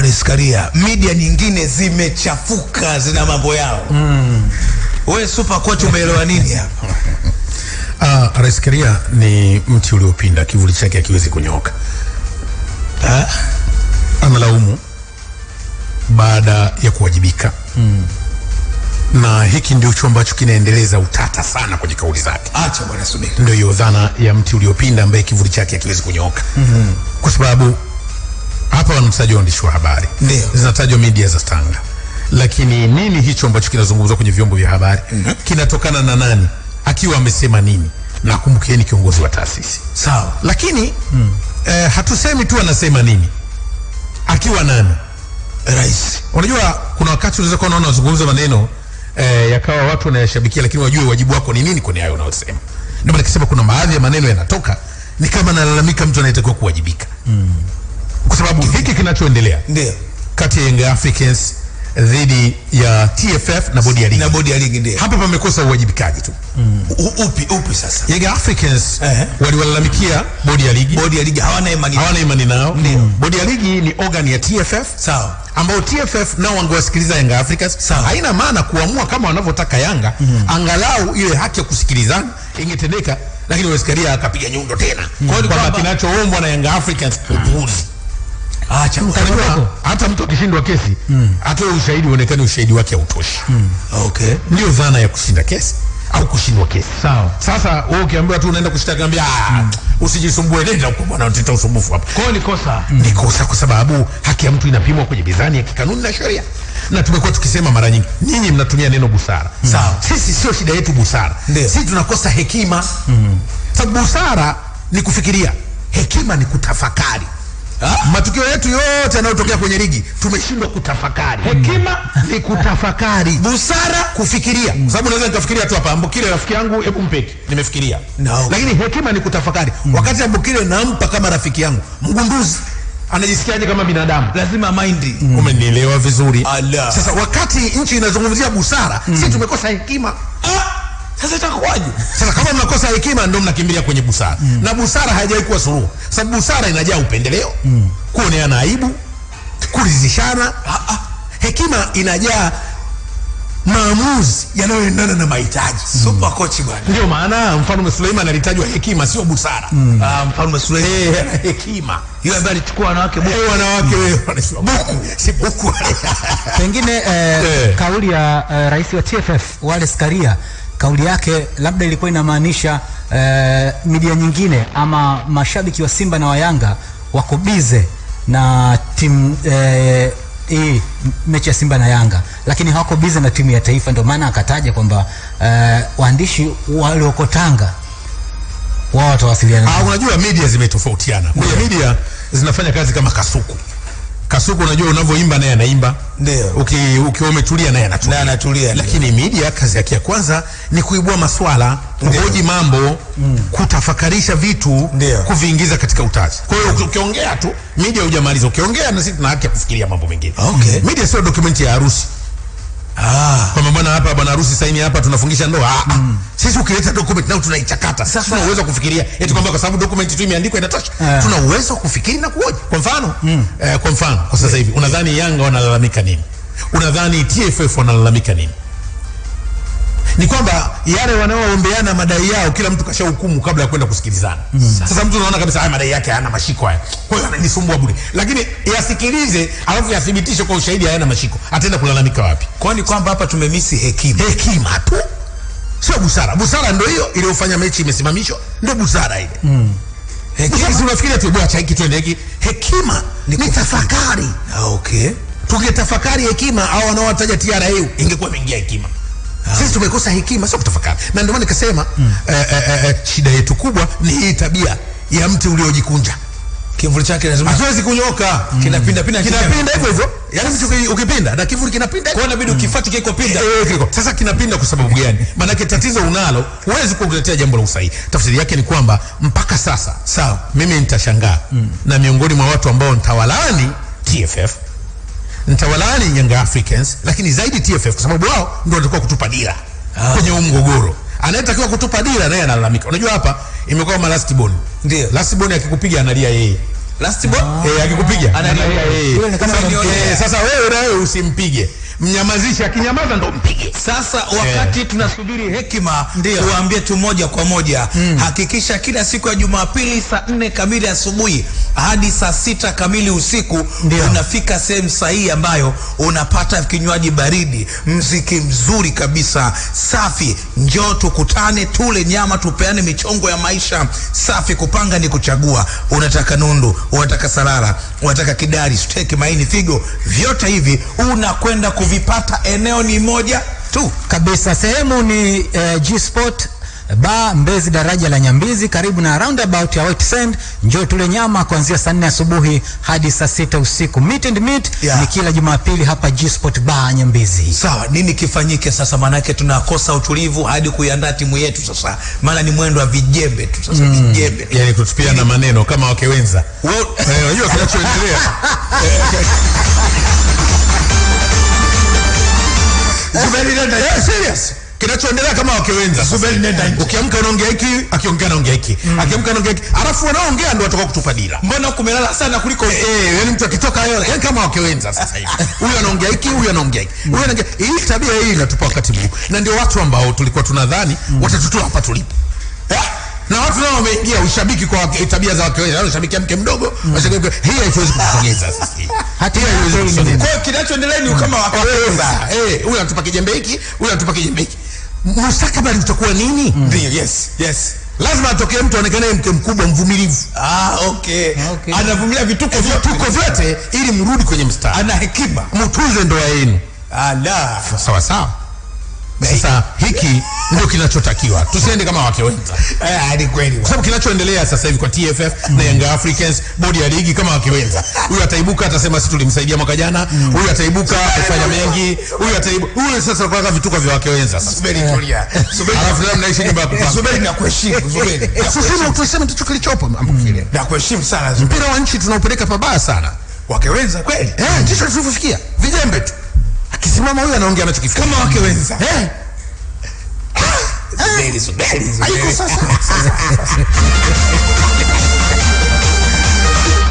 Harris Karia, media nyingine zimechafuka, zina mambo yao mm. We super coach umeelewa nini hapa? Ah, Harris Karia ni mti uliopinda, kivuli chake hakiwezi kunyoka Ah, amelaumu baada ya kuwajibika mm. Na hiki ndio chuo ambacho kinaendeleza utata sana kwenye kauli zake. Acha bwana, subiri, ndio hiyo dhana ya mti uliopinda ambaye kivuli chake hakiwezi kunyoka mm -hmm. kwa sababu hapa wanamtaja waandishi wa habari, ndio zinatajwa media za Tanga, lakini nini hicho ambacho kinazungumzwa kwenye vyombo vya habari mm -hmm. kinatokana na nani akiwa amesema nini? Nakumbukeni kiongozi wa taasisi sawa, lakini mm. eh, hatusemi tu anasema nini akiwa nani rais. Unajua kuna wakati unaweza kuwa unaona wazungumza maneno eh, yakawa watu wanayashabikia, lakini wajue wajibu wako ni nini kwenye hayo unayosema. Ndio maana nikisema kuna baadhi ya maneno yanatoka ni kama nalalamika mtu anayetakiwa kuwajibika mm kwa sababu hiki kinachoendelea ndio kati ya Young Africans dhidi ya TFF na bodi ya ligi na bodi ya ligi ndio hapa pamekosa uwajibikaji tu. Mm. Upi upi sasa? Young Africans uh -huh. waliwalalamikia bodi ya ligi, bodi ya ligi hawana imani, hawana imani nao. Ndio bodi ya ligi ni organ ya TFF, sawa, ambao TFF nao wangewasikiliza Young Africans. Sawa. Haina maana kuamua kama wanavyotaka Yanga. Mm. Angalau ile haki ya kusikilizana ingetendeka, lakini wasikaria akapiga nyundo tena. Mm. Kwa sababu kinachoombwa na Young Africans upuuzi. Acha ah, ukajua, hata mtu akishindwa kesi hmm. hata mm. ushahidi uonekane ushahidi wake hautoshi mm. Okay, ndio dhana ya kushinda kesi au kushindwa kesi. Sawa. Sasa wewe ukiambiwa tu unaenda kushtaki ambia mm. usijisumbue nenda huko bwana utaita usumbufu hapo. Kwa ni kosa. Mm. Ni kosa kwa sababu haki ya mtu inapimwa kwenye mizani ya kikanuni na sheria. Na tumekuwa tukisema mara nyingi, nyinyi mnatumia neno busara. Mm. Sawa. Sisi sio shida yetu busara. Sisi tunakosa hekima. Mm. Sababu busara ni kufikiria, hekima ni kutafakari matukio yetu yote yanayotokea kwenye ligi tumeshindwa kutafakari. Hekima hmm. ni kutafakari, busara kufikiria, kwa hmm. sababu naweza nikafikiria tu hapa, Mbukile rafiki yangu, hebu mpeki, nimefikiria no. Lakini hekima ni kutafakari mm. Wakati Mbukile nampa kama rafiki yangu mgunduzi anajisikiaje kama binadamu? Lazima mind. Mm. Umenielewa vizuri. Ala. Sasa wakati nchi inazungumzia busara, mm. sisi tumekosa hekima ah. Sasa itakuwaje? Sasa kama mnakosa hekima ndio mnakimbilia kwenye busara mm. na busara haijawahi kuwa suluhu, sababu busara inajaa upendeleo mm. kuoneana aibu, kuridhishana. Ah, ah. Hekima inajaa maamuzi yanayoendana na mahitaji. Mm. Super coach bwana. Ndio maana Mfalme Suleiman alitajwa hekima sio busara. Mm. Ah, Mfalme Suleiman hey, hekima. Yule ambaye alichukua wanawake buku. Eh, wanawake mm. buku, si buku. Pengine eh, eh, kauli ya eh, rais wa TFF Wallace Karia kauli yake labda ilikuwa inamaanisha e, media nyingine ama mashabiki wa Simba na wa Yanga wako bize na timu e, eh, hii mechi ya Simba na Yanga, lakini hawako bize na timu ya taifa. Ndio maana akataja kwamba e, waandishi walioko Tanga wao watawasiliana. Ah, unajua media zimetofautiana, kuna media zinafanya kazi kama kasuku. Kasuku unajua unavyoimba naye anaimba. Ndio. Uki, umetulia naye anatulia. Naye anatulia. Lakini media kazi yake ya kwanza ni kuibua maswala, kuhoji mambo, mm. kutafakarisha vitu, Ndio. kuviingiza katika utazi Kwa hiyo ukiongea tu media hujamaliza. Ukiongea na sisi tuna haki ya kufikiria mambo mengine. Okay. Media sio dokumenti ya harusi. Ah. Kama bwana hapa bwana harusi saini hapa tunafungisha ndoa. Ah. Mm. Sisi ukileta document nao tunaichakata. Sasa uwezo kufikiria eti kwamba kwa sababu document tu imeandikwa inatosha. Yeah. Tuna uwezo kufikiri na kuoja. Kwa mfano, mm. eh, kwa mfano kwa sasa hivi Unadhani Yanga wanalalamika nini? Unadhani TFF wanalalamika nini? ni kwamba yale wanaoombeana madai yao kila mtu kashahukumu kabla ya kwenda kusikilizana. Mm. Sasa mtu anaona kabisa haya madai yake hayana mashiko haya, kwa hiyo ananisumbua bure, lakini yasikilize, alafu yathibitishe kwa ushahidi hayana mashiko, ataenda kulalamika wapi? Kwani kwamba hapa tumemisi hekima, hekima tu, sio busara. Busara ndio hiyo iliyofanya mechi imesimamishwa, ndio busara ile. Mm. Hekima, unafikiria tu bwana, hiki twende hiki. Hekima ni tafakari. Ah, okay. Tungetafakari hekima au wanaowataja TRA ingekuwa imeingia hekima. Sisi tumekosa hekima, sio kutafakari, na ndio maana nikasema mm. eh, eh, eh, shida yetu kubwa ni hii tabia ya mti uliojikunja kivuli chake lazima hatuwezi kunyoka, mm. kinapinda pinda, kinapinda hivyo hivyo, yani mtu ukipinda na kivuli kinapinda, kwa inabidi ukifuate kile kinapinda. Sasa kinapinda kwa sababu gani? Maana yake tatizo unalo, huwezi kuongelea jambo la usahihi. Tafsiri yake ni kwamba mpaka sasa, sawa, mimi nitashangaa mm. na miongoni mwa watu ambao nitawalaani TFF nitawalaani Young Africans, lakini zaidi TFF kwa sababu wao ndio walikuwa kutupa dira ah, kwenye huu mgogoro. Anayetakiwa kutupa dira naye analalamika. Unajua hapa imekuwa kama last ndio last akikupiga analia yeye last boy ah. eh, akikupiga ananiambia yeye. Sasa wewe usimpige mnyamazisha akinyamaza ndo mpige. Sasa eh. wakati yeah, tunasubiri hekima, tuambie tu moja kwa moja mm. Hakikisha kila siku ya Jumapili saa nne kamili asubuhi hadi saa sita kamili usiku Ndiyo. unafika sehemu sahihi ambayo unapata kinywaji baridi, mziki mzuri kabisa safi. Njoo tukutane, tule nyama, tupeane michongo ya maisha safi. Kupanga ni kuchagua. Unataka nundu unataka Salala, unataka Kidari, steki, Maini, Figo, vyote hivi unakwenda kuvipata, eneo ni moja tu kabisa. Sehemu ni eh, G Sport Ba Mbezi, daraja la Nyambizi karibu na roundabout ya White Sand. Njoo tule nyama kuanzia saa nne asubuhi hadi saa sita usiku. Meet and meet yeah. Ni kila Jumapili hapa G Sport Bar Nyambizi. Sawa, nini kifanyike sasa? Maanake tunakosa utulivu hadi kuiandaa timu yetu sasa, maana ni mwendo wa vijembe tu sasa, mm. vijembe yani kutupia na maneno kama wakewenza. Eh, unajua kinachoendelea Yes, eh. eh, serious kinachoendelea kama wake wenza. Ukiamka unaongea hiki, akiongea anaongea hiki, mm. akiamka anaongea hiki, alafu wanaongea ndio watakao kutupa dira. Mbona kumelala sana kuliko eh, eh yani mtu akitoka yeye, yani kama wake wenza sasa hivi, huyu anaongea hiki, huyu anaongea hiki, huyu anaongea hii. Tabia hii inatupa wakati mgumu, na ndio watu ambao tulikuwa tunadhani mm. watatutoa hapa tulipo eh? na watu nao wameingia ushabiki kwa tabia za wake wenza, yaani ushabikia mke mdogo mm. Washabiki hii haiwezi sasa sisi, hata haiwezi kutusogeza. Kwa hiyo kinachoendelea ni kama mm. wake wenza, eh, eh, huyu anatupa kijembe hiki, huyu anatupa kijembe hiki mustakabali utakuwa nini? Ndio, yes, yes. Lazima atokee mtu aonekane mke mkubwa mvumilivu. Ah, okay. Okay. Anavumilia vituko vituko vyote ili mrudi kwenye mstari. Ana hekima. Mtunze ndoa yenu. Ala. Ah, sawa sawa. Sasa hiki ndio kinachotakiwa, tusiende kama wake wenza. Eh, ni kweli, kwa sababu kinachoendelea sasa hivi kwa TFF mm. na Young Africans, bodi ya ligi, kama wake wenza. Huyu ataibuka atasema sisi tulimsaidia mwaka jana, mm. huyu mm. ataibuka afanya mengi, huyu ataibuka huyu. Sasa kwa vituko vya wake wenza. Sasa subiri, tulia, eh. subiri, alafu leo mnaishi nyumba kwa eh, subiri na kuheshimu, eh. subiri, sisi tunasema ndicho kilichopo mpokile na kuheshimu sana. Mpira wa nchi tunaupeleka pabaya sana, wake wenza kweli, eh, mm. ndicho tulivyofikia, vijembe tu akisimama huyu anaongea anachokifikiri kama wake wenza eh? Ah. Eh.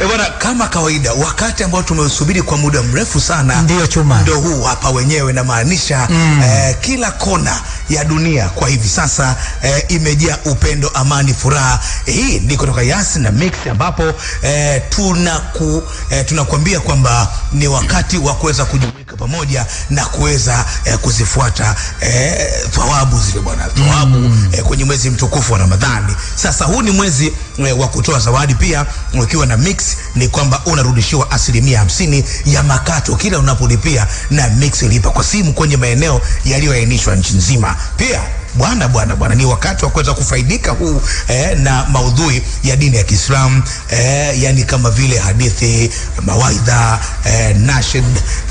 eh bwana, kama kawaida, wakati ambao tumeusubiri kwa muda mrefu sana ndio chuma, ndio huu hapa wenyewe, namaanisha mm. eh, kila kona ya dunia kwa hivi sasa eh, imejaa upendo, amani, furaha. Hii ni kutoka Yasi na Mix ambapo eh, tunaku, eh, tunakuambia kwamba ni wakati wa kuweza kujumuika pamoja na kuweza eh, kuzifuata eh, thawabu zile bwana, thawabu mm. eh, kwenye mwezi mtukufu wa Ramadhani. Sasa huu ni mwezi eh, wa kutoa zawadi pia, ukiwa na Mix ni kwamba unarudishiwa asilimia hamsini ya makato kila unapolipia, na Mix lipa kwa simu kwenye maeneo yaliyoainishwa nchi nzima pia Bwana bwana bwana, ni wakati wa kuweza kufaidika huu eh, na maudhui ya dini ya Kiislamu eh, yani kama vile hadithi, mawaidha eh, nashid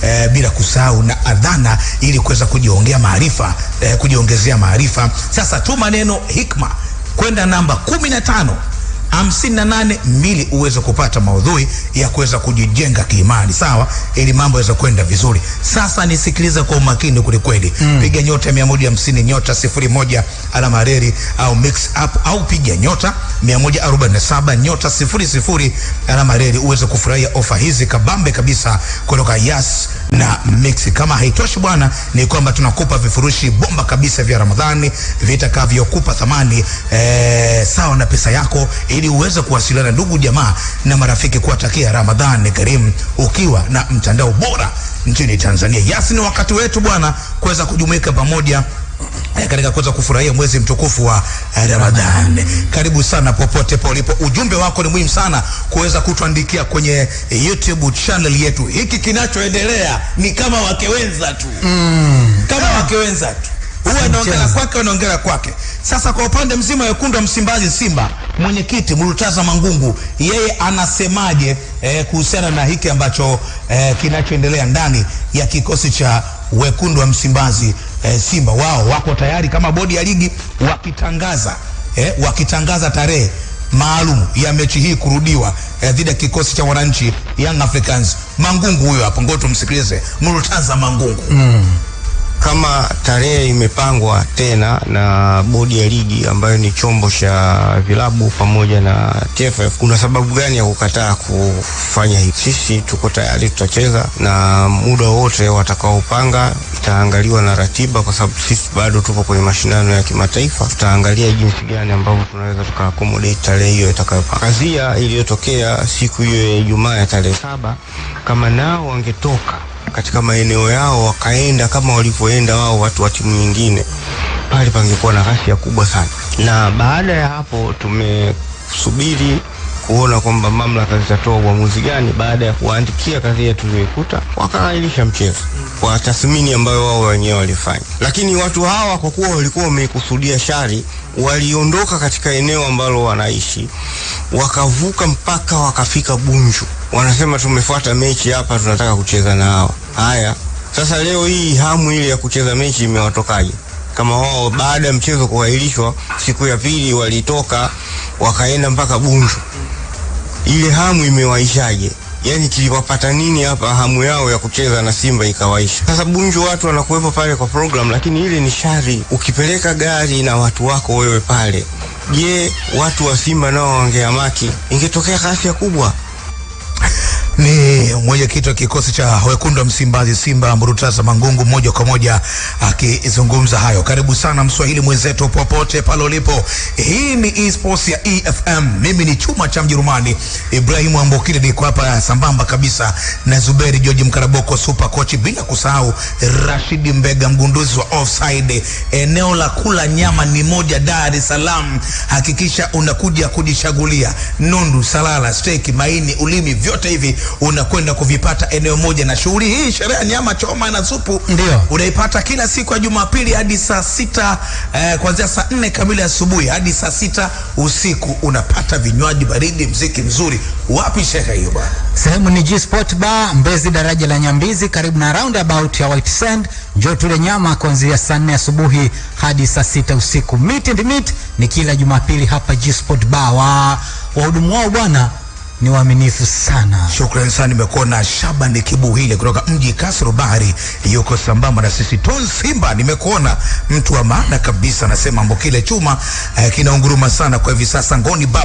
eh, bila kusahau na adhana, ili kuweza kujiongea maarifa eh, kujiongezea maarifa. Sasa tu maneno hikma kwenda namba kumi na tano. 582 uweze kupata maudhui ya kuweza kujijenga kiimani, sawa, ili mambo yaweze kwenda vizuri. Sasa nisikilize kwa umakini kwelikweli, mm. Piga nyota 150 nyota moja alama reli au mix up au piga nyota saba nyota sifuri alama reli uweze kufurahia ofa hizi kabambe kabisa kutoka Yas na mixi. Kama haitoshi bwana, ni kwamba tunakupa vifurushi bomba kabisa vya Ramadhani vitakavyokupa thamani e, sawa na pesa yako, ili uweze kuwasiliana ndugu jamaa na marafiki, kuwatakia Ramadhani karimu ukiwa na mtandao bora nchini Tanzania. Yasi ni wakati wetu bwana kuweza kujumuika pamoja Eh, katika kuweza kufurahia mwezi mtukufu wa eh, Ramadhani. Karibu sana popote ulipo, ujumbe wako ni muhimu sana kuweza kutuandikia kwenye eh, YouTube channel yetu. Hiki kinachoendelea ni kama wakewenza tu mm. kama wakewenza tu huwa anaongea kwake, anaongea kwake. Sasa kwa upande mzima wekundu wa Msimbazi, Simba, mwenyekiti Murtaza Mangungu, yeye anasemaje eh, kuhusiana na hiki ambacho eh, kinachoendelea ndani ya kikosi cha wekundu wa Msimbazi eh, Simba wao wako tayari kama bodi ya ligi wakitangaza eh, wakitangaza tarehe maalum ya mechi hii kurudiwa eh, dhidi ya kikosi cha wananchi Young Africans. Mangungu huyo hapo, ngoja tumsikilize Murtaza Mangungu mm kama tarehe imepangwa tena na bodi ya ligi ambayo ni chombo cha vilabu pamoja na TFF, kuna sababu gani ya kukataa kufanya hivi? Sisi tuko tayari, tutacheza na muda wote watakaopanga, itaangaliwa na ratiba, kwa sababu sisi bado tupo kwenye mashindano ya kimataifa. Tutaangalia jinsi gani ambavyo tunaweza tukaakomodate tarehe hiyo itakayopanga. Kazia iliyotokea siku hiyo ya Ijumaa ya tarehe saba, kama nao wangetoka katika maeneo yao wakaenda kama walivyoenda wao watu wa timu nyingine, pale pangekuwa na ghasia kubwa sana. Na baada ya hapo tumesubiri kuona kwamba mamlaka zitatoa uamuzi gani baada ya kuwaandikia kadhia tuliyoikuta, wakaahirisha mchezo kwa tathmini ambayo wao wenyewe walifanya. Lakini watu hawa kwa kuwa walikuwa wamekusudia shari, waliondoka katika eneo ambalo wanaishi, wakavuka mpaka wakafika Bunju wanasema tumefuata mechi hapa, tunataka kucheza nao. Haya, sasa leo hii hamu ile ya kucheza mechi imewatokaje? Kama wao baada ya mchezo kuahirishwa siku ya pili walitoka wakaenda mpaka Bunju, ile hamu imewaishaje? Yaani kiliwapata nini hapa hamu yao ya kucheza na Simba ikawaisha? Sasa Bunju watu wanakuwepo pale kwa program, lakini ile ni shari. Ukipeleka gari na watu wako wewe pale, je, watu wa Simba nao wangeamaki? Ingetokea ghasia kubwa. Ni mwenyekiti wa kikosi cha wekundu wa Msimbazi Simba Murutaza Mangungu moja kwa moja akizungumza hayo. Karibu sana mswahili mwenzetu popote pale ulipo. Hii ni esports ya EFM. Mimi ni chuma cha Mjerumani Ibrahimu Ambokile, niko hapa sambamba kabisa na Zuberi George Mkaraboko super coach, bila kusahau Rashidi Mbega mgunduzi wa offside. Eneo la kula nyama ni moja Dar es Salaam, hakikisha unakuja kujichagulia nundu, salala, steki, maini, ulimi, vyote hivi unakwenda kuvipata eneo moja, na shughuli hii sherehe nyama choma na supu ndio unaipata kila siku ya Jumapili hadi saa sita eh, kuanzia saa nne kamili asubuhi hadi saa sita usiku. Unapata vinywaji baridi, mziki mzuri. Wapi shehe hiyo bwana? Sehemu ni G Sport Bar, Mbezi, daraja la Nyambizi, karibu na roundabout ya White Sand. Njoo tule nyama kuanzia saa nne asubuhi hadi saa sita usiku. Meet and meet ni kila Jumapili hapa G Sport Bar. Wahudumu wao bwana ni waaminifu sana. Shukrani sana, nimekuona Shabani Kibuhile kutoka mji Kasro Bahari, yuko sambamba na sisi. Ton Simba, nimekuona mtu wa maana kabisa, anasema mbokile chuma eh, kinaunguruma sana kwa hivi sasa ngoni baba